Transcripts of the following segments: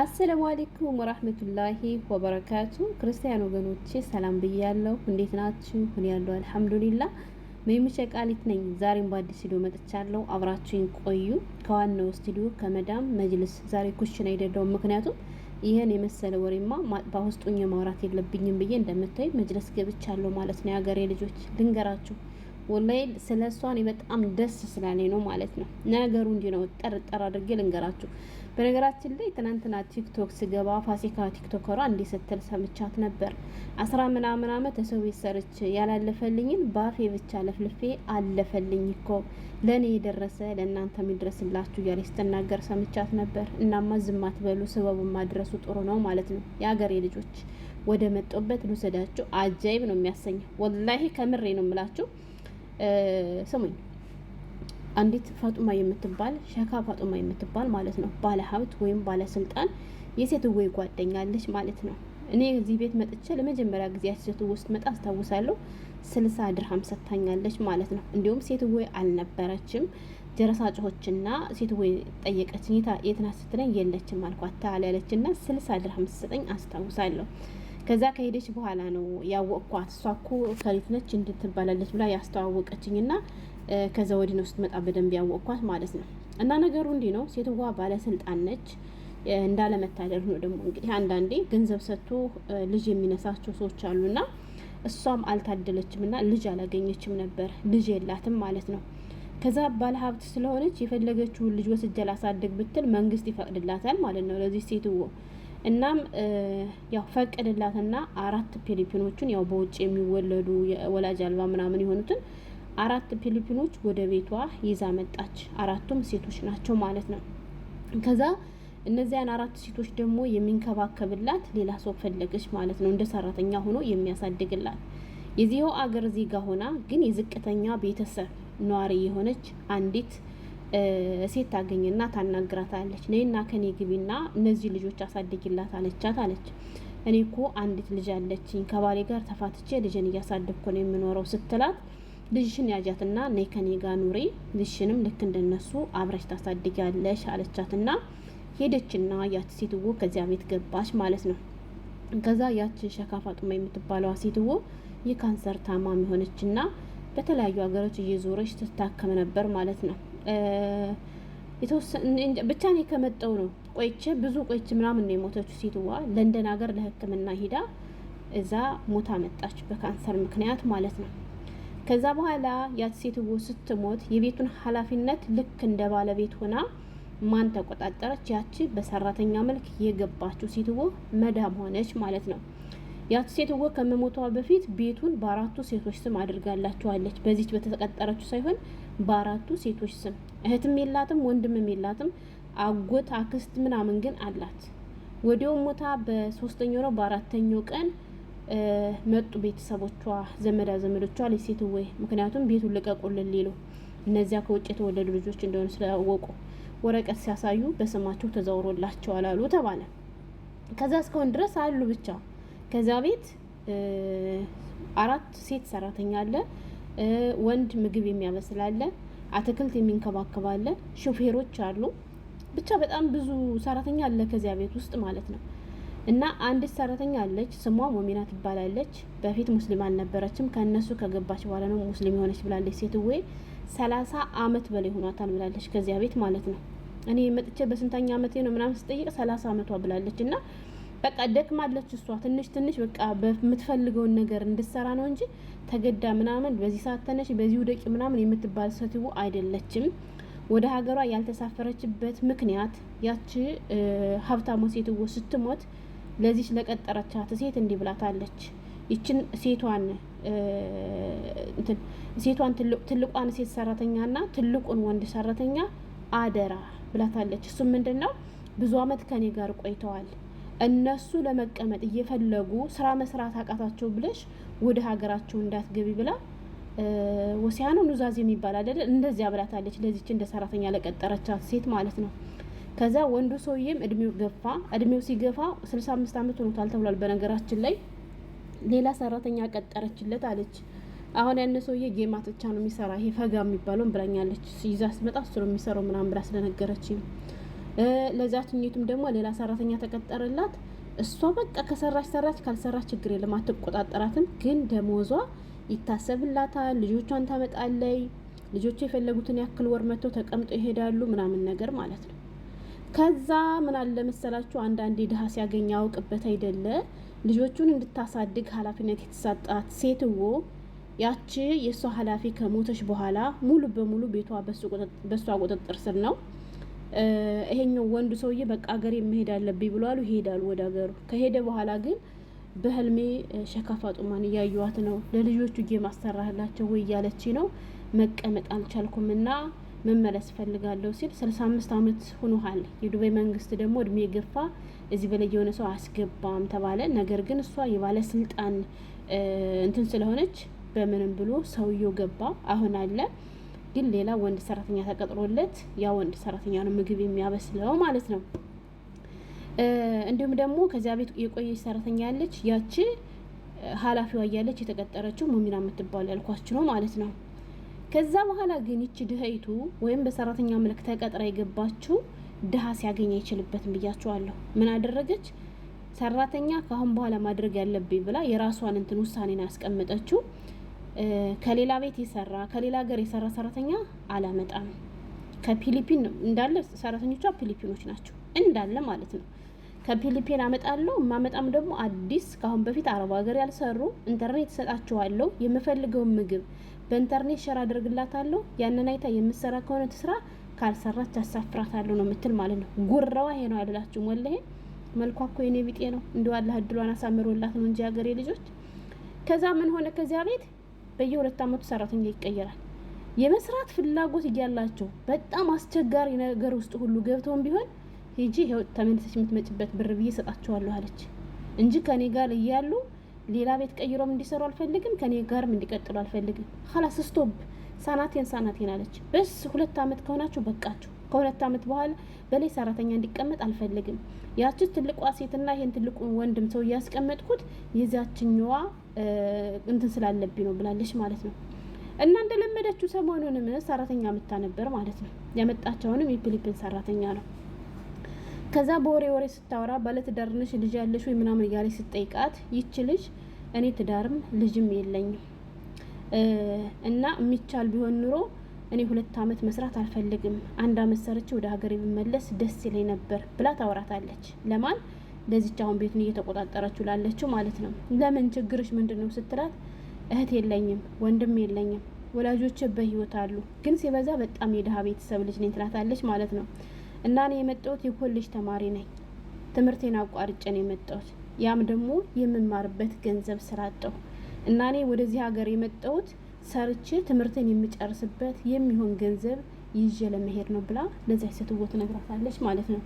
አሰላሙ አሌይኩም ወራህመቱላሂ ወበረካቱ። ክርስቲያን ወገኖቼ ሰላም ብያለሁ። እንዴት ናችሁ? ሁን ያለሁ አልሐምዱሊላ። መይሙ ሸቃሊት ነኝ። ዛሬም በአዲስ ስቱዲዮ መጥቻለሁ። አብራችሁኝ ቆዩ። ከዋናው ስቱዲዮ ከመዳም መጅልስ ዛሬ ኩሽን አይደለውም። ምክንያቱም ይህን የመሰለ ወሬማ በውስጡኝ ማውራት የለብኝም ብዬ እንደምታይ መጅልስ ገብቻለሁ ማለት ነው። የሀገሬ ልጆች ልንገራችሁ ወላይ ስለ እሷ እኔ በጣም ደስ ስላለኝ ነው ማለት ነው። ነገሩ እንዲህ ነው። ጠርጠር አድርጌ ልንገራችሁ። በነገራችን ላይ ትናንትና ቲክቶክ ስገባ ፋሲካ ቲክቶከሯ እንዲህ ስትል ሰምቻት ነበር። አስራ ምናምን ዓመት የሰው ቤት ሰርች ያላለፈልኝን ባፌ ብቻ ለፍልፌ አለፈልኝ እኮ ለእኔ የደረሰ ለእናንተ የሚድረስላችሁ እያለች ስትናገር ሰምቻት ነበር። እናማ ዝማት በሉ ስበቡ ማድረሱ ጥሩ ነው ማለት ነው። የሀገሬ ልጆች ወደ መጦበት ልውሰዳችሁ። አጃይብ ነው የሚያሰኘው። ወላሂ ከምሬ ነው የምላችሁ። ስሙኝ አንዲት ፋጡማ የምትባል ሸካ ፋጡማ የምትባል ማለት ነው ባለ ሀብት ወይም ባለስልጣን የሴትዮ ጓደኛለች ማለት ነው። እኔ እዚህ ቤት መጥቼ ለመጀመሪያ ጊዜ ሴትዮ ውስጥ መጣ አስታውሳለሁ። ስልሳ ድርሃም ሰጥታኛለች ማለት ነው። እንዲሁም ሴትዮ አልነበረችም። ጀረሳ ጮሆችና ሴትዮ ጠየቀችኝ። የት ናት ስትለኝ የለችም አልኳት። ያለችና ስልሳ ድርሃም ሰጠኝ አስታውሳለሁ። ከዛ ከሄደች በኋላ ነው ያወቅኳት። እሷ እኮ ከሪት ነች እንድትባላለች ብላ ያስተዋወቀችኝ ና ከዛ ወዲህ ነው ስትመጣ በደንብ ያወቅኳት ማለት ነው። እና ነገሩ እንዲህ ነው። ሴትዋ ባለስልጣን ነች። እንዳለመታደር ነው ደግሞ እንግዲህ አንዳንዴ ገንዘብ ሰጥቶ ልጅ የሚነሳቸው ሰዎች ና እሷም አልታደለችም እና ልጅ አላገኘችም ነበር። ልጅ የላትም ማለት ነው። ከዛ ባለሀብት ስለሆነች የፈለገችውን ልጅ ወስጄ ላሳድግ ብትል መንግስት ይፈቅድላታል ማለት ነው ለዚህ ሴትዎ እናም ያው ፈቅድላትና አራት ፊሊፒኖችን ያው በውጭ የሚወለዱ ወላጅ አልባ ምናምን የሆኑትን አራት ፊሊፒኖች ወደ ቤቷ ይዛ መጣች። አራቱም ሴቶች ናቸው ማለት ነው። ከዛ እነዚያን አራት ሴቶች ደግሞ የሚንከባከብላት ሌላ ሰው ፈለገች ማለት ነው። እንደ ሰራተኛ ሆኖ የሚያሳድግላት የዚህው አገር ዜጋ ሆና ግን የዝቅተኛ ቤተሰብ ነዋሪ የሆነች አንዲት ሴት ታገኝና ታናግራታለች። ነይና ከኔ ግቢና እነዚህ ልጆች አሳድግላት አለቻት አለች። እኔ እኮ አንዲት ልጅ አለችኝ ከባሌ ጋር ተፋትቼ ልጅን እያሳደግኩ ነው የምኖረው ስትላት ልጅሽን ያጃትና ነይ ከኔ ጋር ኑሪ፣ ልጅሽንም ልክ እንደነሱ አብረሽ ታሳድጊያለሽ አለቻትና ሄደችና ያች ሴትዎ ከዚያ ቤት ገባች ማለት ነው። ከዛ ያችን ሸካፋጡማ የምትባለዋ ሴትዎ የካንሰር ታማሚ ሆነችና በተለያዩ ሀገሮች እየዞረች ትታከም ነበር ማለት ነው። የተወሰነ ብቻ እኔ ከመጣሁ ነው ቆይቼ ብዙ ቆይቼ ምናምን ነው የሞተችው ሴትዋ ለንደን ሀገር ለሕክምና ሂዳ እዛ ሞታ መጣች በካንሰር ምክንያት ማለት ነው። ከዛ በኋላ ያች ሴትዮ ስትሞት የቤቱን ኃላፊነት ልክ እንደ ባለቤት ሆና ማን ተቆጣጠረች? ያቺ በሰራተኛ መልክ የገባችው ሴትዎ መዳም ሆነች ማለት ነው። ያቺ ሴትዎ ከመሞቷ በፊት ቤቱን በአራቱ ሴቶች ስም አድርጋላቸዋለች። በዚች በተቀጠረችው ሳይሆን በአራቱ ሴቶች ስም እህትም የላትም ወንድምም የላትም። አጎት አክስት ምናምን ግን አላት። ወዲያው ሞታ በሶስተኛው ነው በአራተኛው ቀን መጡ ቤተሰቦቿ፣ ዘመዳ ዘመዶቿ ሊሴት ወይ ምክንያቱም ቤቱን ልቀቁልን ሊሉ እነዚያ ከውጭ የተወለዱ ልጆች እንደሆኑ ስላወቁ ወረቀት ሲያሳዩ በስማቸው ተዘውሮላቸዋል አሉ ተባለ። ከዛ እስካሁን ድረስ አሉ ብቻ ከዚያ ቤት አራት ሴት ሰራተኛ አለ። ወንድ ምግብ የሚያበስላለ፣ አትክልት የሚንከባከባለ፣ ሾፌሮች አሉ። ብቻ በጣም ብዙ ሰራተኛ አለ ከዚያ ቤት ውስጥ ማለት ነው። እና አንዲት ሰራተኛ አለች፣ ስሟ ሞሚና ትባላለች። በፊት ሙስሊም አልነበረችም። ከእነሱ ከገባች በኋላ ነው ሙስሊም የሆነች ብላለች። ሴትዌ ሰላሳ አመት በላይ ሆኗታል ብላለች ከዚያ ቤት ማለት ነው። እኔ መጥቼ በስንተኛ አመቴ ነው ምናምን ስጠይቅ ሰላሳ አመቷ ብላለች እና በቃ ደክማለች እሷ ትንሽ ትንሽ በቃ በምትፈልገውን ነገር እንድትሰራ ነው እንጂ ተገዳ ምናምን በዚህ ሰዓት ተነሽ በዚህ ውደቂ ምናምን የምትባል ሴትዮ አይደለችም። ወደ ሀገሯ ያልተሳፈረችበት ምክንያት ያቺ ሀብታሙ ሴትዮ ስትሞት ለዚች ለቀጠረቻት ሴት እንዲህ ብላታለች። ይችን ሴቷን ሴቷን ትልቋን ሴት ሰራተኛና ትልቁን ወንድ ሰራተኛ አደራ ብላታለች። እሱም ምንድን ነው ብዙ አመት ከኔ ጋር ቆይተዋል እነሱ ለመቀመጥ እየፈለጉ ስራ መስራት አቃታቸው ብለሽ ወደ ሀገራቸው እንዳትገቢ ብላ ወሲያኖ ኑዛዜ የሚባል አይደለ እንደዚያ ብላታለች። ለዚች እንደ ሰራተኛ ለቀጠረቻት ሴት ማለት ነው። ከዛ ወንዱ ሰውዬም እድሜው ገፋ። እድሜው ሲገፋ ስልሳ አምስት ዓመት ሆኖታል ተብሏል። በነገራችን ላይ ሌላ ሰራተኛ ቀጠረችለት አለች። አሁን ያነ ሰውዬ ጌማ ትቻ ነው የሚሰራ ይሄ ፈጋ የሚባለውን ብላኛለች። ይዛ ስመጣ እሱ ነው የሚሰራው ምናምን ብላ ስለነገረች ለዛችኝቱም ደግሞ ሌላ ሰራተኛ ተቀጠረላት። እሷ በቃ ከሰራች ሰራች፣ ካልሰራች ችግር የለም አትቆጣጠራትም። ግን ደሞዟ ይታሰብላታል። ልጆቿን ታመጣለይ። ልጆቹ የፈለጉትን ያክል ወር መጥተው ተቀምጦ ይሄዳሉ ምናምን ነገር ማለት ነው። ከዛ ምን አለ መሰላችሁ አንዳንዴ ድሀ ሲያገኝ ያውቅበት አይደለ? ልጆቹን እንድታሳድግ ኃላፊነት የተሰጣት ሴትዎ ያቺ የእሷ ኃላፊ ከሞተች በኋላ ሙሉ በሙሉ ቤቷ በእሷ ቁጥጥር ስር ነው። ይሄኛው ወንዱ ሰውዬ በቃ ሀገር መሄድ አለብኝ ብሏሉ ይሄዳል ወደ ሀገሩ። ከሄደ በኋላ ግን በህልሜ ሸካፋ ጡማን እያዩዋት ነው። ለልጆቹ ጌም አሰራህላቸው ወይ እያለች ነው። መቀመጥ አልቻልኩም ና መመለስ ፈልጋለሁ ሲል ስልሳ አምስት አመት ሆኖሃል። የዱባይ መንግስት ደግሞ እድሜ ገፋ እዚህ በላይ የሆነ ሰው አስገባም ተባለ። ነገር ግን እሷ የባለስልጣን እንትን ስለሆነች በምንም ብሎ ሰውየው ገባ። አሁን አለ ግን ሌላ ወንድ ሰራተኛ ተቀጥሮለት ያ ወንድ ሰራተኛ ነው ምግብ የሚያበስለው ማለት ነው። እንዲሁም ደግሞ ከዚያ ቤት የቆየች ሰራተኛ ያለች ያቺ ኃላፊዋ እያለች የተቀጠረችው ሙሚና የምትባሉ ያልኳችሁ ነው ማለት ነው። ከዛ በኋላ ግን ይቺ ድሀይቱ ወይም በሰራተኛ መልክ ተቀጥራ የገባችው ድሀ ሲያገኝ አይችልበትም ብያችኋለሁ። ምን አደረገች? ሰራተኛ ከአሁን በኋላ ማድረግ ያለብኝ ብላ የራሷን እንትን ውሳኔ ነው ከሌላ ቤት የሰራ ከሌላ ሀገር የሰራ ሰራተኛ አላመጣም። ከፊሊፒን እንዳለ ሰራተኞቿ ፊሊፒኖች ናቸው እንዳለ ማለት ነው። ከፊሊፒን አመጣለሁ። የማመጣም ደግሞ አዲስ ከአሁን በፊት አረብ ሀገር ያልሰሩ ኢንተርኔት እሰጣችኋለሁ፣ የምፈልገውን ምግብ በኢንተርኔት ሸር አድርግላታለሁ። ያንን አይታ የምሰራ ከሆነ ትስራ፣ ካልሰራች አሳፍራታለሁ ነው የምትል ማለት ነው። ጉራዋ ይሄ ነው አልላችሁም። ወለሄ መልኳ እኮ የኔ ቢጤ ነው። እንዲሁ አላህ እድሏን አሳምሮላት ነው እንጂ ሀገሬ ልጆች። ከዛ ምን ሆነ ከዚያ ቤት በየሁለት ዓመቱ ሰራተኛ ይቀየራል። የመስራት ፍላጎት እያላቸው በጣም አስቸጋሪ ነገር ውስጥ ሁሉ ገብተውም ቢሆን ሂጂ ይኸው ተመልሰሽ የምትመጭበት ብር ብዬ ሰጣቸዋለሁ አለች እንጂ ከኔ ጋር እያሉ ሌላ ቤት ቀይሮም እንዲሰሩ አልፈልግም፣ ከኔ ጋርም እንዲቀጥሉ አልፈልግም። ሀላስ ስቶብ ሳናቴን ሳናቴን አለች። በስ ሁለት ዓመት ከሆናችሁ በቃችሁ። ከሁለት ዓመት በኋላ በላይ ሰራተኛ እንዲቀመጥ አልፈልግም። ያች ትልቋ ሴትና ይህን ትልቁ ወንድም ሰው እያስቀመጥኩት የዛችኛዋ እንትን ስላለብኝ ነው ብላለች ማለት ነው። እና እንደለመደችው ሰሞኑንም ሰራተኛ ምታ ነበር ማለት ነው። ያመጣቸውንም የፊሊፒን ሰራተኛ ነው። ከዛ በወሬ ወሬ ስታወራ ባለትዳር ነሽ ልጅ ያለሽ ወይ ምናምን እያለች ስጠይቃት ይቺ ልጅ እኔ ትዳርም ልጅም የለኝም እና የሚቻል ቢሆን ኑሮ እኔ ሁለት አመት መስራት አልፈልግም፣ አንድ አመት ሰርቼ ወደ ሀገር ብመለስ ደስ ይለኝ ነበር ብላ ታወራታለች። ለማን ለዚች አሁን ቤቱን እየተቆጣጠረችው ላለችው ማለት ነው። ለምን ችግርሽ ምንድን ነው ስትላት፣ እህት የለኝም፣ ወንድም የለኝም፣ ወላጆች በህይወት አሉ፣ ግን ሲበዛ በጣም የድሀ ቤተሰብ ልጅ ነኝ ትላታለች ማለት ነው። እና እኔ የመጣሁት የኮሌጅ ተማሪ ነኝ፣ ትምህርቴን አቋርጬ ነው የመጣሁት። ያም ደግሞ የምማርበት ገንዘብ ስራ አጣሁ እና እኔ ወደዚህ ሀገር የመጣሁት ሰርቼ ትምህርትን የምጨርስበት የሚሆን ገንዘብ ይዤ ለመሄድ ነው ብላ ለዚያ ሴትዮ ትነግራታለች ማለት ነው።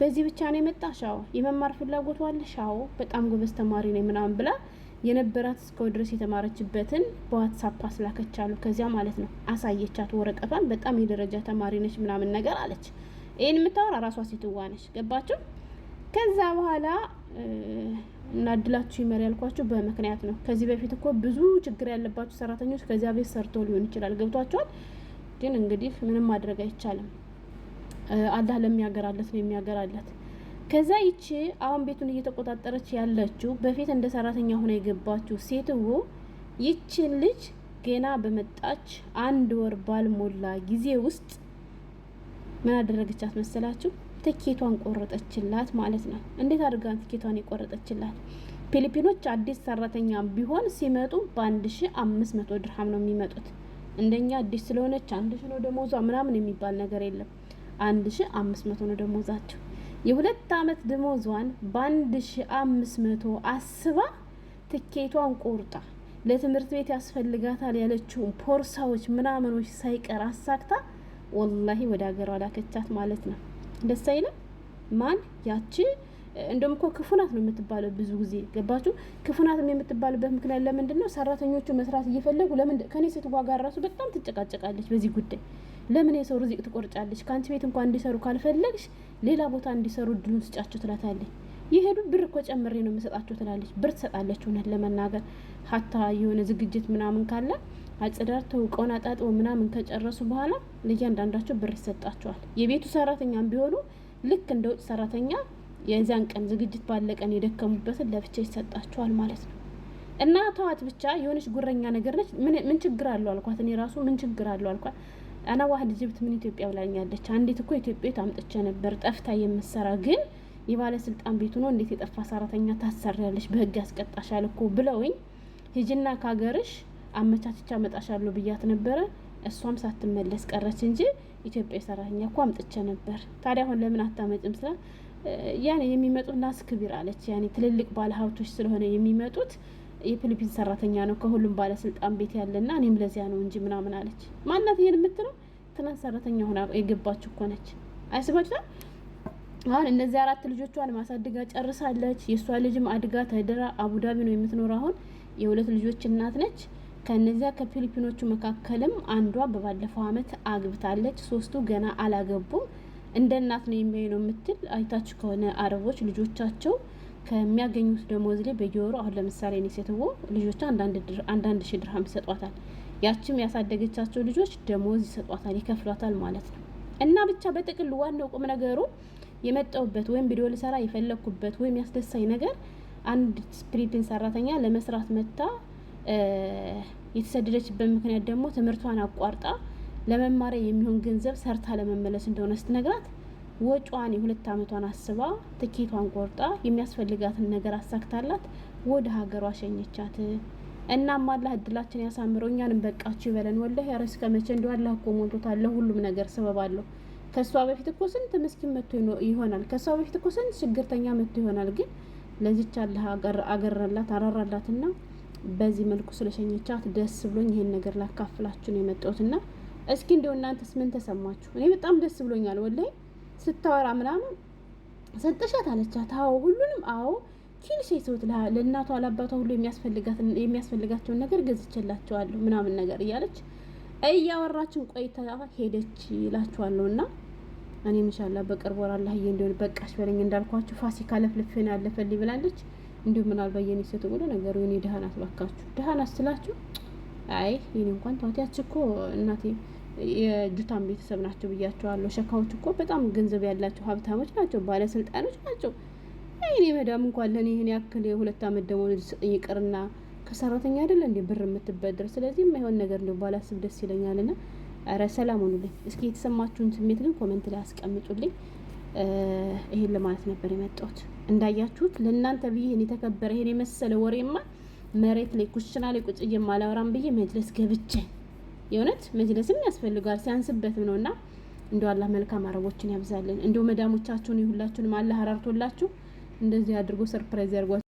በዚህ ብቻ ነው የመጣሽ? አዎ። የመማር ፍላጎት አለሽ? አዎ። በጣም ጎበዝ ተማሪ ነው ምናምን ብላ የነበራት እስከው ድረስ የተማረችበትን በዋትሳፕ አስላከች አሉ። ከዚያ ማለት ነው አሳየቻት ወረቀቷን። በጣም የደረጃ ተማሪ ነች ምናምን ነገር አለች። ይህን የምታወራ ራሷ ሴትዋ ነች። ገባችሁ? ከዛ በኋላ እና እድላችሁ ይመር ያልኳችሁ በምክንያት ነው። ከዚህ በፊት እኮ ብዙ ችግር ያለባቸው ሰራተኞች ከዚያ ቤት ሰርቶ ሊሆን ይችላል። ገብቷቸዋል። ግን እንግዲህ ምንም ማድረግ አይቻልም። አላህ ለሚያገራለት ነው የሚያገራለት። ከዛ ይቺ አሁን ቤቱን እየተቆጣጠረች ያለችው በፊት እንደ ሰራተኛ ሆነ የገባችው ሴትዎ ይቺን ልጅ ገና በመጣች አንድ ወር ባልሞላ ጊዜ ውስጥ ምን አደረገቻት መሰላችሁ? ትኬቷን ቆረጠችላት ማለት ነው። እንዴት አድርጋን ትኬቷን የቆረጠችላት? ፊሊፒኖች አዲስ ሰራተኛ ቢሆን ሲመጡ በአንድ ሺ አምስት መቶ ድርሃም ነው የሚመጡት። እንደኛ አዲስ ስለሆነች አንድ ሺ ነው ደሞዟ ምናምን የሚባል ነገር የለም። አንድ ሺ አምስት መቶ ነው ደሞዛቸው። የሁለት አመት ደሞዟን በአንድ ሺ አምስት መቶ አስባ ትኬቷን ቆርጣ ለትምህርት ቤት ያስፈልጋታል ያለችውን ቦርሳዎች ምናምኖች ሳይቀር አሳክታ ወላሂ ወደ ሀገሯ ላከቻት ማለት ነው። ደስ አይለም? ማን ያቺ እንደውም እኮ ክፉናት ነው የምትባለው። ብዙ ጊዜ ገባችሁ? ክፉናት የምትባልበት ምክንያት ለምንድን ነው? ሰራተኞቹ መስራት እየፈለጉ ለምን ከኔ ስትዋጋ ራሱ በጣም ትጨቃጨቃለች በዚህ ጉዳይ። ለምን የሰው ርዚቅ ትቆርጫለች? ከአንቺ ቤት እንኳን እንዲሰሩ ካልፈለግሽ ሌላ ቦታ እንዲሰሩ እድሉን ስጫቸው ትላታለች። ይሄዱ ብር እኮ ጨምሬ ነው የምሰጣቸው ትላለች። ብር ትሰጣለች። እውነት ለመናገር ሀታ የሆነ ዝግጅት ምናምን ካለ አጽዳርተው እቃውን አጣጥበ ምናምን ከጨረሱ በኋላ ለእያንዳንዳቸው ብር ይሰጣቸዋል። የቤቱ ሰራተኛም ቢሆኑ ልክ እንደ ውጭ ሰራተኛ የዚያን ቀን ዝግጅት ባለቀን የደከሙበትን ለብቻ ይሰጣቸዋል ማለት ነው። እና ተዋት ብቻ የሆነች ጉረኛ ነገር ነች። ምን ችግር አለው አልኳት። እኔ ራሱ ምን ችግር አለው አልኳት። አና ዋህድ ጅብት ምን ኢትዮጵያ ብላኛለች። አንዴት እኮ ኢትዮጵያ አምጥቼ ነበር ጠፍታ የምሰራ ግን የባለስልጣን ቤቱ ነው እንዴት የጠፋ ሰራተኛ ታሰሪያለሽ? በህግ ያስቀጣሻል እኮ ብለውኝ ሂጂና ከሀገርሽ አመቻችቻ መጣሻለሁ ብያት ነበረ። እሷም ሳትመለስ ቀረች እንጂ ኢትዮጵያ ሰራተኛ እኮ አምጥቼ ነበር። ታዲያ አሁን ለምን አታመጭም? ስራ ያኔ የሚመጡት ናስ ክቢር አለች። ያኔ ትልልቅ ባለሀብቶች ስለሆነ የሚመጡት የፊሊፒን ሰራተኛ ነው ከሁሉም ባለስልጣን ቤት ያለና እኔም ለዚያ ነው እንጂ ምናምን አለች። ማናት ይሄን የምትለው? ትናንት ሰራተኛ ሆና የገባችሁ እኮ ነች። አሁን እነዚህ አራት ልጆቿን ማሳድጋ ጨርሳለች። የእሷ ልጅም አድጋ ተደራ አቡዳቢ ነው የምትኖር። አሁን የሁለት ልጆች እናት ነች። ከነዚያ ከፊሊፒኖቹ መካከልም አንዷ በባለፈው አመት አግብታለች። ሶስቱ ገና አላገቡም። እንደ እናት ነው የሚያዩ ነው የምትል አይታች ከሆነ አረቦች ልጆቻቸው ከሚያገኙት ደሞዝ ላይ በየወሩ አሁን ለምሳሌ እኔ ሴትዎ ልጆቿ አንዳንድ ሺ ድርሃም ይሰጧታል። ያችም ያሳደገቻቸው ልጆች ደሞዝ ይሰጧታል፣ ይከፍሏታል ማለት ነው። እና ብቻ በጥቅል ዋናው ቁም ነገሩ የመጣሁበት ወይም ቪዲዮ ልሰራ የፈለግኩበት ወይም ያስደሳኝ ነገር አንድ ፕሪንቲንግ ሰራተኛ ለመስራት መታ የተሰደደችበት ምክንያት ደግሞ ትምህርቷን አቋርጣ ለመማሪያ የሚሆን ገንዘብ ሰርታ ለመመለስ እንደሆነ ስትነግራት ወጪዋን የሁለት አመቷን አስባ ትኬቷን ቆርጣ የሚያስፈልጋትን ነገር አሳክታላት ወደ ሀገሯ ሸኘቻት። እናም አላህ እድላችን ያሳምረው፣ እኛንም በቃችሁ ይበለን። ወላሂ ያረስ ከመቼ እንዲ አላህ እኮ ሞልቶታል። ለሁሉም ነገር ሰበብ አለው። ከእሷ በፊት እኮ ስንት ምስኪን መቶ ይሆናል። ከእሷ በፊት እኮ ስንት ችግርተኛ መቶ ይሆናል። ግን ለዚች አላህ አገረላት አራራላትና በዚህ መልኩ ስለሸኘቻት ደስ ብሎኝ ይሄን ነገር ላካፍላችሁ ነው ና እስኪ እንደው እናንተስ ምን ተሰማችሁ? እኔ በጣም ደስ ብሎኛል። ወላይ ስታወራ ምናምን ሰጠሻት አለቻት። አዎ ሁሉንም አዎ ኪል ሴ ለእናቷ ለአባቷ ሁሉ የሚያስፈልጋቸውን ነገር ገዝቼላቸዋለሁ ምናምን ነገር እያለች እያወራችን ቆይታ ሄደች ይላችኋለሁ። እና እኔ ምሻላ በቅርብ ወር አላህ እንዲሆን በቃሽ በለኝ እንዳልኳችሁ ፋሲካ ለፍልፍን ያለፈል ብላለች። እንዲሁም ምናልባት የኔ ሴት ብሎ ነገሩ የኔ ድሃን አስባካችሁ ድሃን አስላችሁ አይ ይህን እንኳን ታዋቲያች እኮ እናቴ የጁታን ቤተሰብ ናቸው ብያቸዋለሁ። ሸካዎች እኮ በጣም ገንዘብ ያላቸው ሀብታሞች ናቸው፣ ባለስልጣኖች ናቸው። ይኔ መዳም እንኳን ለእኔ ይህን ያክል የሁለት አመት ደመወዝ ስጠኝ ይቅርና ከሰራተኛ አይደለ እንዴ ብር የምትበድር? ስለዚህ የማይሆን ነገር እንደ ባላስብ ደስ ይለኛል። ና ረ ሰላም ሆኑልኝ። እስኪ የተሰማችሁን ስሜት ግን ኮመንት ላይ አስቀምጡልኝ። ይሄን ለማለት ነበር የመጣሁት። እንዳያችሁት ለእናንተ ብዬ ይህን የተከበረ ይሄን የመሰለ ወሬማ መሬት ላይ ኩሽና ላይ ቁጭ የማላወራም ብዬ መጅለስ ገብቼ የእውነት መጅለስም ያስፈልጋል ሲያንስበትም ነው። እና እንደ አላህ መልካም አረቦችን ያብዛልን። እንዲሁ መዳሞቻችሁን ሁላችሁንም አላህ አራርቶላችሁ እንደዚህ አድርጎ ሰርፕራይዝ ያርጓል።